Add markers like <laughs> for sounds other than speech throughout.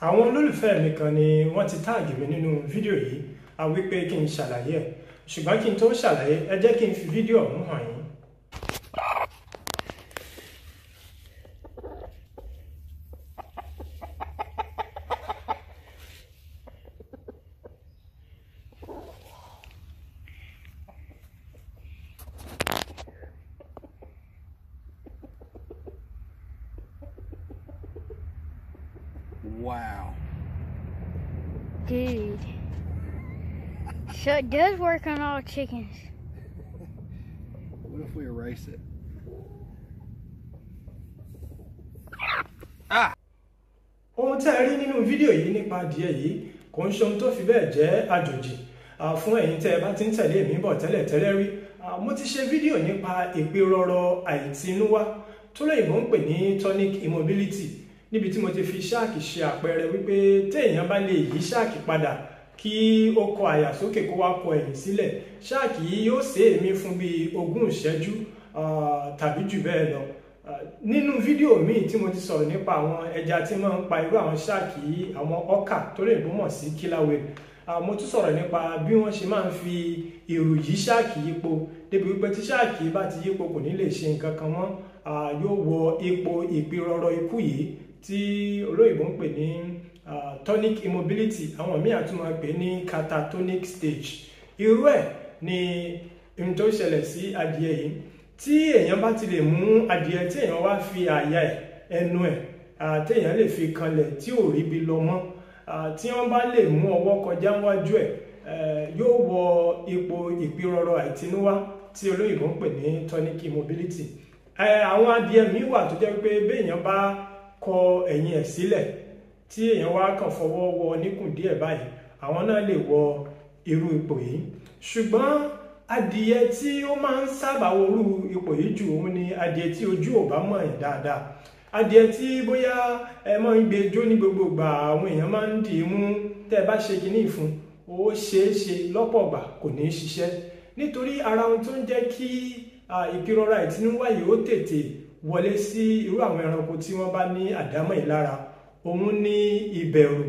àwọn olólùfẹ́ mi kan ni wọ́n ti táàgì mi nínú fídíò yìí a wí pé kí n ṣàlàyé ẹ̀ ṣùgbọ́n kí n tó ṣàlàyé ẹ jẹ́ kí n fi fídíò ọ̀hún hàn yín Wow. Dude. so it does work on all chickens. <laughs> what if we erase it? Ah! ohun tẹ́ ẹ rí nínú fídíò yìí nípa adìẹ yìí kò ń ṣohun tó fi bẹ́ẹ̀ jẹ́ àjòjì fún ẹ̀yin tẹ́ ẹ bá ti ń tẹ̀lé mi bọ̀ tẹ́lẹ̀tẹ́lẹ̀ rí mo ti ṣe fídíò nípa ìpè rọrọ àìtinúwá tó lóyìnbó ń pè ní tonic immobility níbi tí mo ti fi ṣáàkì ṣe àpẹẹrẹ wípé téèyàn bá lè yí ṣáàkì padà kí ó kọ àyà sókè kó wá kọ ẹ̀yìn sílẹ̀ ṣáàkì yìí yóò ṣe èmi fún bíi ogún ìṣẹ́jú tàbí jù bẹ́ẹ̀ lọ nínú fídíò míì tí mo ti sọ̀rọ̀ nípa àwọn ẹja tí máa ń pa irú àwọn ṣáàkì yìí àwọn ọkà tó lè bó mọ̀ sí killer mo tún sọ̀rọ̀ nípa bí wọ́n ṣe máa ń fi èrò yí ṣáàkì yípo débi wípé tí ṣáàkì bá ti yípo kò ní lè ṣe nǹkan kan mọ́ yóò wọ ipò ìpirọ̀rọ̀ ikú yìí tí olóyìnbó ń pè ní tonic immobility àwọn míì àtúmọ̀ pè ní catatonic stage irú ẹ̀ ni ohun tó ṣẹlẹ̀ sí adìẹ yìí tí èèyàn bá ti lè mú adìẹ tí èèyàn wá fi àyà ẹ̀ ẹnu ẹ̀ téèyàn lè fi kanlẹ̀ tí ò rí bi lọ mọ́ tí wọ́n bá lè mú ọwọ́ kọjá wájú ẹ̀ yóò wọ ipò ìpirọrọ àìtinúwá tí olóyìnbó ń pè ní tonic immobility àwọn adìẹ mi wà tó jẹ́ pé béèyàn bá kọ ẹ̀yìn ẹ̀ sílẹ̀ tí èèyàn wá kàn fọwọ́ wọ níkùn díẹ̀ báyìí àwọn náà lè wọ irú ipò yìí ṣùgbọ́n adìyẹ tí ó máa ń sábà worú ipò yìí jù òun ni adìyẹ tí ojú ò bá mọ̀ yín dáadáa adìyẹ tí bóyá ẹ máa ń gbé jó ní gbogbo ìgbà àwọn èèyàn máa ń dì í mú tẹ́ ẹ bá ṣe kinní ìfun ó ṣeé ṣe lọ́pọ̀ ìgbà kò ní í ṣiṣẹ́ nítorí ara ohun tó ń jẹ́ kí ìpirọra ìtinúwá yìí ó tètè wọlé sí irú àwọn ẹranko tí wọ́n bá ní àdámọ̀ yìí lára òun ní ìbẹ̀rù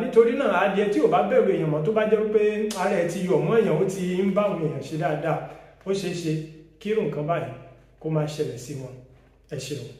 nítorí náà adìẹ tí ò bá bẹ̀rù èèyàn mọ́ tó bá jẹ́ pé ara ẹ̀ ti yọ̀ mọ́ èèyàn ó ti ń bá àwọn èèyàn ṣe dáadáa ó ṣeé ṣe kírun nǹkan báyìí kó máa ṣẹlẹ̀ sí wọn ẹ ṣeun.